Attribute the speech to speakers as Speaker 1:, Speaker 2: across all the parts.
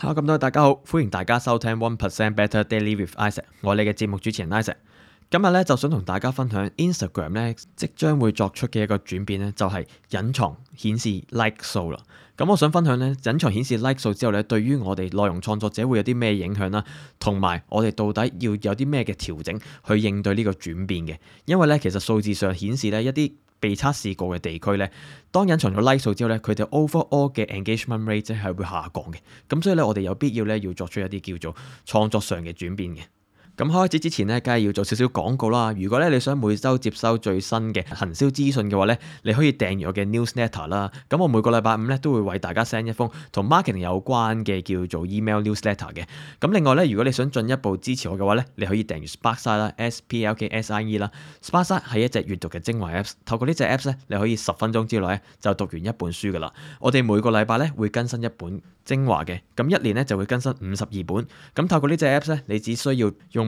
Speaker 1: Hello 咁多位大家好，歡迎大家收聽 One Percent Better Daily with Isaac，我哋嘅節目主持人 Isaac，今日咧就想同大家分享 Instagram 咧即將會作出嘅一個轉變咧，就係、是、隱藏顯示 Like 數啦。咁、嗯、我想分享咧隱藏顯示 Like 數之後咧，對於我哋內容創作者會有啲咩影響啦，同埋我哋到底要有啲咩嘅調整去應對呢個轉變嘅，因為咧其實數字上顯示咧一啲。被測試過嘅地區咧，當隱藏咗 Like 數之後咧，佢哋 overall 嘅 engagement rate 係會下降嘅。咁所以呢，我哋有必要咧要作出一啲叫做創作上嘅轉變嘅。咁開始之前呢，梗係要做少少廣告啦。如果咧你想每週接收最新嘅行銷資訊嘅話呢，你可以訂住我嘅 newsletter 啦。咁我每個禮拜五呢，都會為大家 send 一封同 marketing 有關嘅叫做 email newsletter 嘅。咁另外呢，如果你想進一步支持我嘅話呢，你可以訂住 Spark 啦，S-P-L-K-S-I-E 啦。E、Spark 係一隻閱讀嘅精華 app，s 透過呢隻 app s 呢，你可以十分鐘之內就讀完一本書噶啦。我哋每個禮拜呢，會更新一本精華嘅，咁一年呢，就會更新五十二本。咁透過呢隻 app s 呢，你只需要用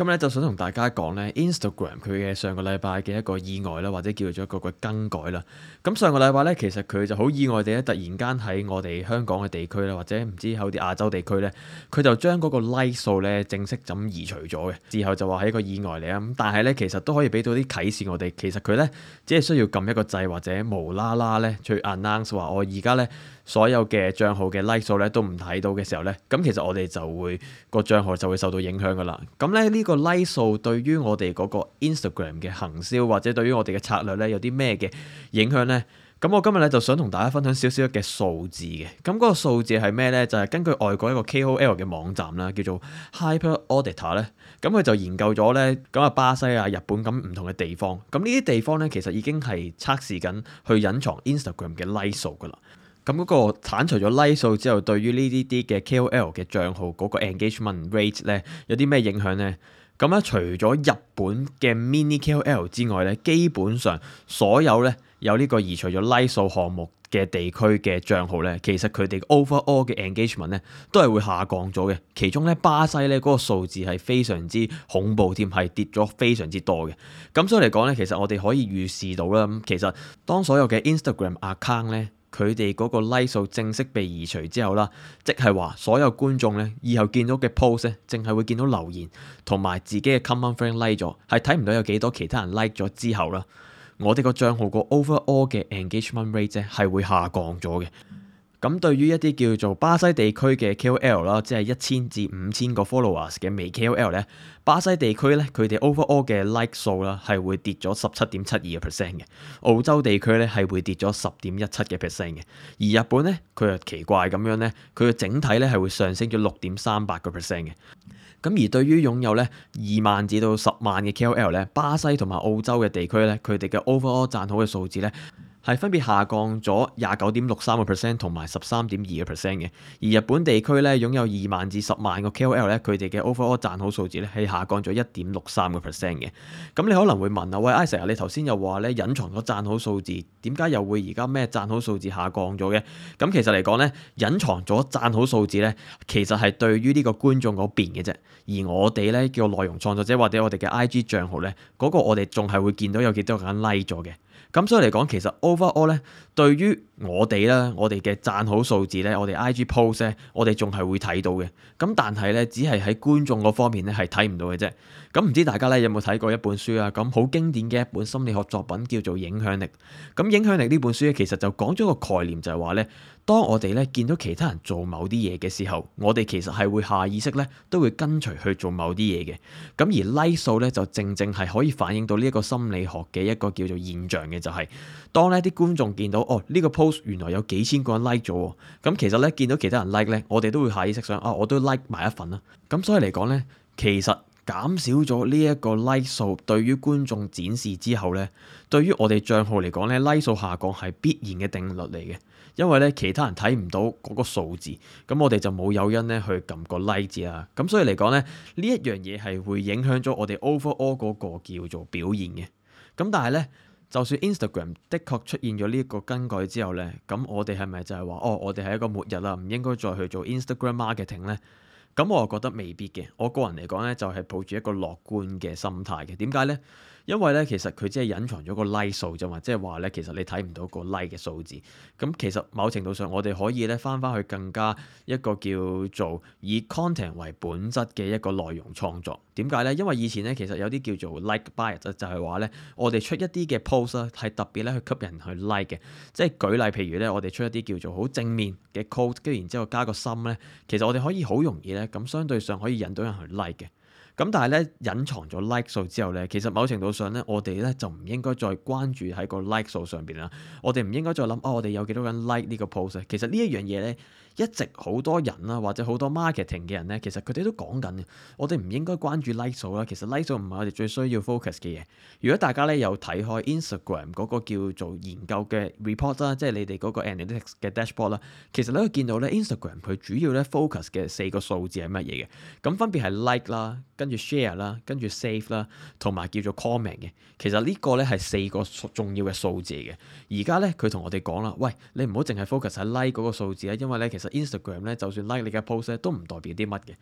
Speaker 1: 今日咧就想同大家講呢 Instagram 佢嘅上個禮拜嘅一個意外啦，或者叫做一個個更改啦。咁上個禮拜、like、呢，其實佢就好意外地咧，突然間喺我哋香港嘅地區咧，或者唔知喺啲亞洲地區呢，佢就將嗰個 like 數呢，正式咁移除咗嘅。之後就話係一個意外嚟啦。咁但係呢，其實都可以俾到啲啟示我哋。其實佢呢，只係需要撳一個掣，或者無啦啦呢去 announce 話我而家呢所有嘅帳號嘅 like 數呢都唔睇到嘅時候呢，咁其實我哋就會、個帳號就會受到影響噶啦。咁咧呢、呢個個 Like 數對於我哋嗰個 Instagram 嘅行銷或者對於我哋嘅策略咧有啲咩嘅影響呢？咁我今日咧就想同大家分享少少嘅數字嘅。咁嗰個數字係咩呢？就係根據外國一個 KOL 嘅網站啦，叫做 Hyper Auditor 咧。咁佢就研究咗呢，咁啊，巴西啊、日本咁唔同嘅地方。咁呢啲地方呢，其實已經係測試緊去隱藏 Instagram 嘅 Like 數噶啦。咁嗰個剷除咗 like 數之後，對於呢啲啲嘅 KOL 嘅帳號嗰個 engagement rate 咧，有啲咩影響咧？咁咧，除咗日本嘅 mini KOL 之外咧，基本上所有咧有呢個移除咗 like 數項目嘅地區嘅帳號咧，其實佢哋 overall 嘅 engagement 咧都係會下降咗嘅。其中咧，巴西咧嗰個數字係非常之恐怖添，係跌咗非常之多嘅。咁所以嚟講咧，其實我哋可以預示到啦。咁其實當所有嘅 Instagram account 咧，佢哋嗰個 like 數正式被移除之後啦，即係話所有觀眾呢以後見到嘅 post 呢，淨係會見到留言同埋自己嘅 common friend like 咗，係睇唔到有幾多其他人 like 咗之後啦，我哋個帳號個 overall 嘅 engagement rate 呢係會下降咗嘅。咁對於一啲叫做巴西地區嘅 KOL 啦，即係一千至五千個 followers 嘅微 KOL 咧，巴西地區咧佢哋 overall 嘅 like 數啦係會跌咗十七點七二嘅 percent 嘅，澳洲地區咧係會跌咗十點一七嘅 percent 嘅，而日本咧佢就奇怪咁樣咧，佢嘅整體咧係會上升咗六點三八個 percent 嘅。咁而對於擁有咧二萬至到十萬嘅 KOL 咧，巴西同埋澳洲嘅地區咧，佢哋嘅 overall 讚好嘅數字咧。係分別下降咗廿九點六三個 percent 同埋十三點二個 percent 嘅。而日本地區呢，擁有二萬至十萬個 KOL 呢，佢哋嘅 overall 讚好數字呢係下降咗一點六三個 percent 嘅。咁你可能會問啊，喂，阿成啊，你頭先又話呢隱藏咗讚好數字，點解又會而家咩讚好數字下降咗嘅？咁其實嚟講呢，隱藏咗讚好數字呢，其實係對於呢個觀眾嗰邊嘅啫。而我哋呢，叫內容創作者或者我哋嘅 IG 帳號呢，嗰、嗰個我哋仲係會見到有幾多個人 like 咗嘅。咁所以嚟講，其實 overall 咧，對於，我哋啦，我哋嘅讚好數字呢，我哋 IG post 呢，我哋仲係會睇到嘅。咁但係呢，只係喺觀眾嗰方面呢，係睇唔到嘅啫。咁唔知大家呢，有冇睇過一本書啊？咁好經典嘅一本心理學作品叫做《影響力》。咁《影響力》呢本書呢，其實就講咗個概念，就係話呢，當我哋呢見到其他人做某啲嘢嘅時候，我哋其實係會下意識呢，都會跟隨去做某啲嘢嘅。咁而 Like 數呢，就正正係可以反映到呢一個心理學嘅一個叫做現象嘅，就係，就係當呢啲觀眾見到哦呢、這個 post。原來有幾千個人 like 咗，咁其實咧，見到其他人 like 咧，我哋都會下意識想啊，我都 like 埋一份啦。咁所以嚟講呢，其實減少咗呢一個 like 數，對於觀眾展示之後呢，對於我哋賬號嚟講呢，like 數下降係必然嘅定律嚟嘅。因為呢其他人睇唔到嗰個數字，咁我哋就冇有因呢去撳個 like 字啦。咁所以嚟講呢，呢一樣嘢係會影響咗我哋 overall 嗰個叫做表現嘅。咁但係呢。就算 Instagram 的確出現咗呢一個更改之後呢，咁我哋係咪就係話，哦，我哋係一個末日啦，唔應該再去做 Instagram marketing 呢？咁我覺得未必嘅。我個人嚟講呢，就係抱住一個樂觀嘅心態嘅。點解呢？因為咧，其實佢只係隱藏咗個 like 數啫嘛，即係話咧，其實你睇唔到個 like 嘅數字。咁其實某程度上，我哋可以咧翻翻去更加一個叫做以 content 為本質嘅一個內容創作。點解咧？因為以前咧，其實有啲叫做 like bias 咧，就係話咧，我哋出一啲嘅 post 咧，係特別咧去吸引人去 like 嘅。即係舉例，譬如咧，我哋出一啲叫做好正面嘅 quote，跟住然之後加個心咧、um，其實我哋可以好容易咧，咁相對上可以引到人去 like 嘅。咁但係咧，隱藏咗 like 數之後咧，其實某程度上咧，我哋咧就唔應該再關注喺個 like 數上邊啦。我哋唔應該再諗哦，我哋有幾多人 like 呢個 post。其實一呢一樣嘢咧。一直好多人啦，或者好多 marketing 嘅人咧，其實佢哋都講緊，我哋唔應該關注 like 數啦。其實 like 數唔係我哋最需要 focus 嘅嘢。如果大家咧有睇開 Instagram 嗰個叫做研究嘅 report 啦，即係你哋嗰個 analytics 嘅 dashboard 啦，其實咧可以見到咧 Instagram 佢主要咧 focus 嘅四個數字係乜嘢嘅。咁分別係 like 啦，跟住 share 啦，跟住 save 啦，同埋叫做 comment 嘅。其實呢個咧係四個重要嘅數字嘅。而家咧佢同我哋講啦，喂，你唔好淨係 focus 喺 like 嗰個數字啊，因為咧其實其實 Instagram 咧，就算 like 你嘅 post 咧，都唔代表啲乜嘅。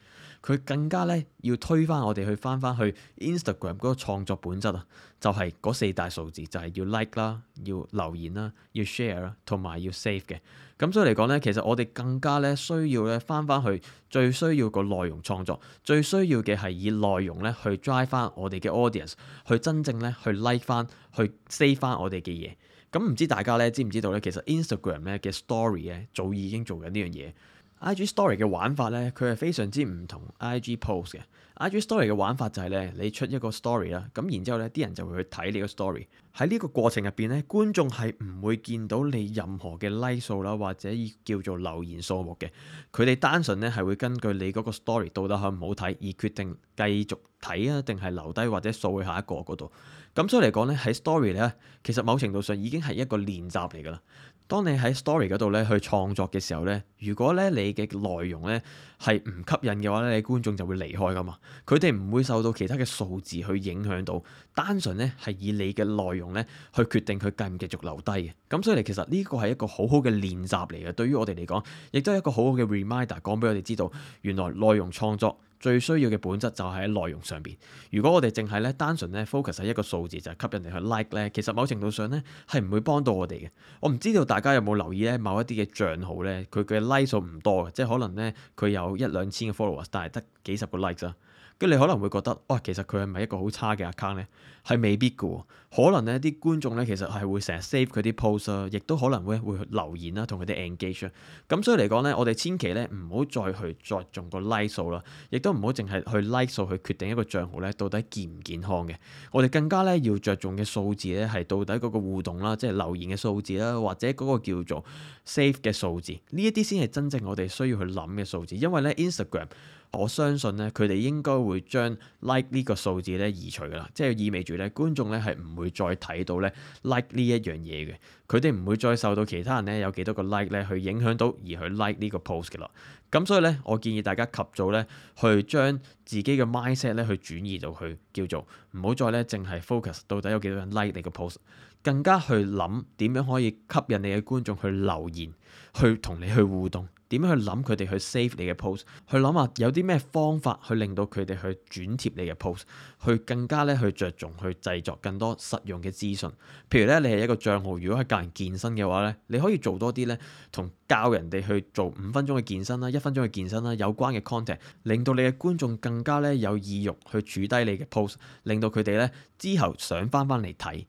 Speaker 1: 佢更加咧要推翻我哋去翻翻去 Instagram 嗰個創作本質啊，就係嗰四大數字，就係要 like 啦，要留言啦，要 share 啦，同埋要 save 嘅。咁所以嚟講咧，其實我哋更加咧需要咧翻翻去最需要個內容創作，最需要嘅係以內容咧去 drive 翻我哋嘅 audience，去真正咧去 like 翻，去 save 翻我哋嘅嘢。咁唔知大家咧知唔知道咧？其實 Instagram 咧嘅 story 咧，早已經做緊呢樣嘢。IG Story 嘅玩法咧，佢係非常之唔同 IG Post 嘅。IG Story 嘅玩法就係咧，你出一個 story 啦，咁然之後咧，啲人就會去睇你個 story。喺呢個過程入邊咧，觀眾係唔會見到你任何嘅 like 數啦，或者叫做留言數目嘅。佢哋單純咧係會根據你嗰個 story 到底好唔好睇而決定繼續睇啊，定係留低或者掃去下一個嗰度。咁所以嚟講咧，喺 story 咧，其實某程度上已經係一個練習嚟㗎啦。當你喺 story 嗰度咧去創作嘅時候咧，如果咧你嘅內容咧係唔吸引嘅話咧，你觀眾就會離開噶嘛。佢哋唔會受到其他嘅數字去影響到，單純咧係以你嘅內容咧去決定佢繼唔繼續留低嘅。咁所以其實呢個係一個好好嘅練習嚟嘅，對於我哋嚟講，亦都係一個好好嘅 reminder 講俾我哋知道，原來內容創作最需要嘅本質就係喺內容上邊。如果我哋淨係咧單純咧 focus 喺一個數字就係吸引人哋去 like 咧，其實某程度上咧係唔會幫到我哋嘅。我唔知道大家有冇留意咧某一啲嘅帳號咧，佢嘅 like 數唔多嘅，即係可能咧佢有一兩千嘅 followers，但係得幾十個 like 啦。跟你可能會覺得，哇，其實佢係咪一個好差嘅 account 咧？係未必㗎喎，可能咧啲觀眾咧其實係會成日 save 佢啲 post 啦，亦都可能會會留言啦，同佢啲 engage。咁所以嚟講咧，我哋千祈咧唔好再去着重個 like 數啦，亦都唔好淨係去 like 數去決定一個賬號咧到底健唔健康嘅。我哋更加咧要着重嘅數字咧係到底嗰個互動啦，即係留言嘅數字啦，或者嗰個叫做 save 嘅數字，呢一啲先係真正我哋需要去諗嘅數字，因為咧 Instagram。我相信呢，佢哋應該會將 like 呢個數字呢移除噶啦，即係意味住呢，觀眾呢係唔會再睇到呢 like 呢一樣嘢嘅，佢哋唔會再受到其他人呢有幾多個 like 呢去影響到而去 like 呢個 post 嘅啦。咁所以呢，我建議大家及早呢去將自己嘅 mindset 呢去轉移到去叫做唔好再呢淨係 focus 到底有幾多人 like 你個 post，更加去諗點樣可以吸引你嘅觀眾去留言、去同你去互動。點樣去諗佢哋去 save 你嘅 post？去諗下有啲咩方法去令到佢哋去轉貼你嘅 post，去更加咧去着重去製作更多實用嘅資訊。譬如咧，你係一個帳號，如果係教人健身嘅話咧，你可以做多啲咧，同教人哋去做五分鐘嘅健身啦、一分鐘嘅健身啦有關嘅 content，令到你嘅觀眾更加咧有意欲去儲低你嘅 post，令到佢哋咧之後想翻翻嚟睇。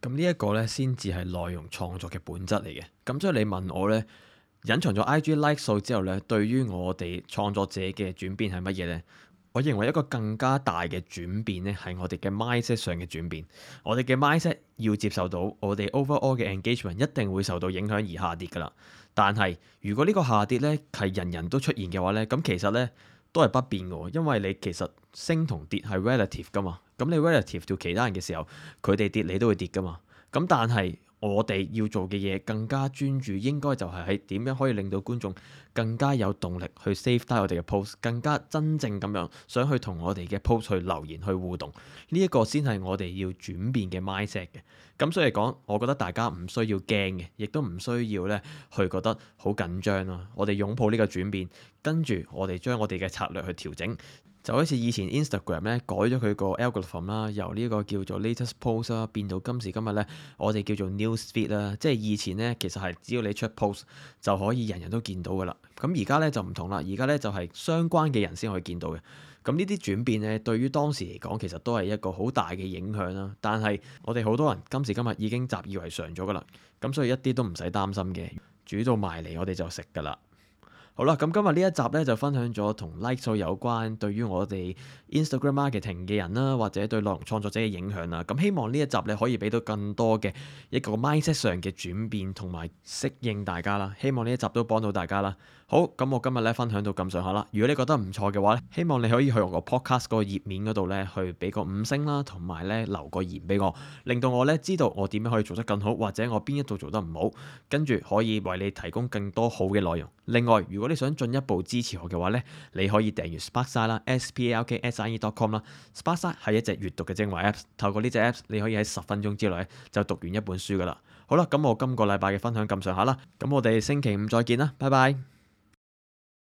Speaker 1: 咁呢一個咧先至係內容創作嘅本質嚟嘅。咁所以你問我咧？隱藏咗 IG like 數之後咧，對於我哋創作者嘅轉變係乜嘢咧？我認為一個更加大嘅轉變咧，係我哋嘅 mindset 上嘅轉變。我哋嘅 mindset 要接受到我哋 overall 嘅 engagement 一定會受到影響而下跌噶啦。但係如果呢個下跌咧係人人都出現嘅話咧，咁其實咧都係不變嘅，因為你其實升同跌係 relative 噶嘛。咁你 relative 到其他人嘅時候，佢哋跌你都會跌噶嘛。咁但係我哋要做嘅嘢更加專注，應該就係喺點樣可以令到觀眾更加有動力去 save 低我哋嘅 post，更加真正咁樣想去同我哋嘅 post 去留言去互動，呢一個先係我哋要轉變嘅 mindset 嘅。咁所以講，我覺得大家唔需要驚嘅，亦都唔需要咧去覺得好緊張咯。我哋擁抱呢個轉變，跟住我哋將我哋嘅策略去調整。就好似以前 Instagram 咧改咗佢個 algorithm 啦，由呢個叫做 latest post 啦變到今時今日咧，我哋叫做 news feed 啦。即係以前咧，其實係只要你出 post 就可以人人都見到噶啦。咁而家咧就唔同啦，而家咧就係相關嘅人先可以見到嘅。咁呢啲轉變咧，對於當時嚟講其實都係一個好大嘅影響啦。但係我哋好多人今時今日已經習以為常咗噶啦。咁所以一啲都唔使擔心嘅，煮到埋嚟我哋就食噶啦。好啦，咁今日呢一集呢，就分享咗同 like 數有關，對於我哋 Instagram marketing 嘅人啦，或者對內容創作者嘅影響啦。咁、嗯、希望呢一集你可以俾到更多嘅一個 mindset 上嘅轉變同埋適應大家啦。希望呢一集都幫到大家啦。好，咁我今日咧分享到咁上下啦。如果你覺得唔錯嘅話咧，希望你可以去我個 podcast 嗰個頁面嗰度咧，去俾個五星啦，同埋咧留個言俾我，令到我咧知道我點樣可以做得更好，或者我邊一度做得唔好，跟住可以為你提供更多好嘅內容。另外，如果你想進一步支持我嘅話咧，你可以訂閱 SparkSine 啦，s p a r k s i n e dot com 啦。SparkSine 係一隻閲讀嘅精華 Apps，透過呢隻 Apps 你可以喺十分鐘之內就讀完一本書噶啦。好啦，咁我今個禮拜嘅分享咁上下啦，咁我哋星期五再見啦，拜拜。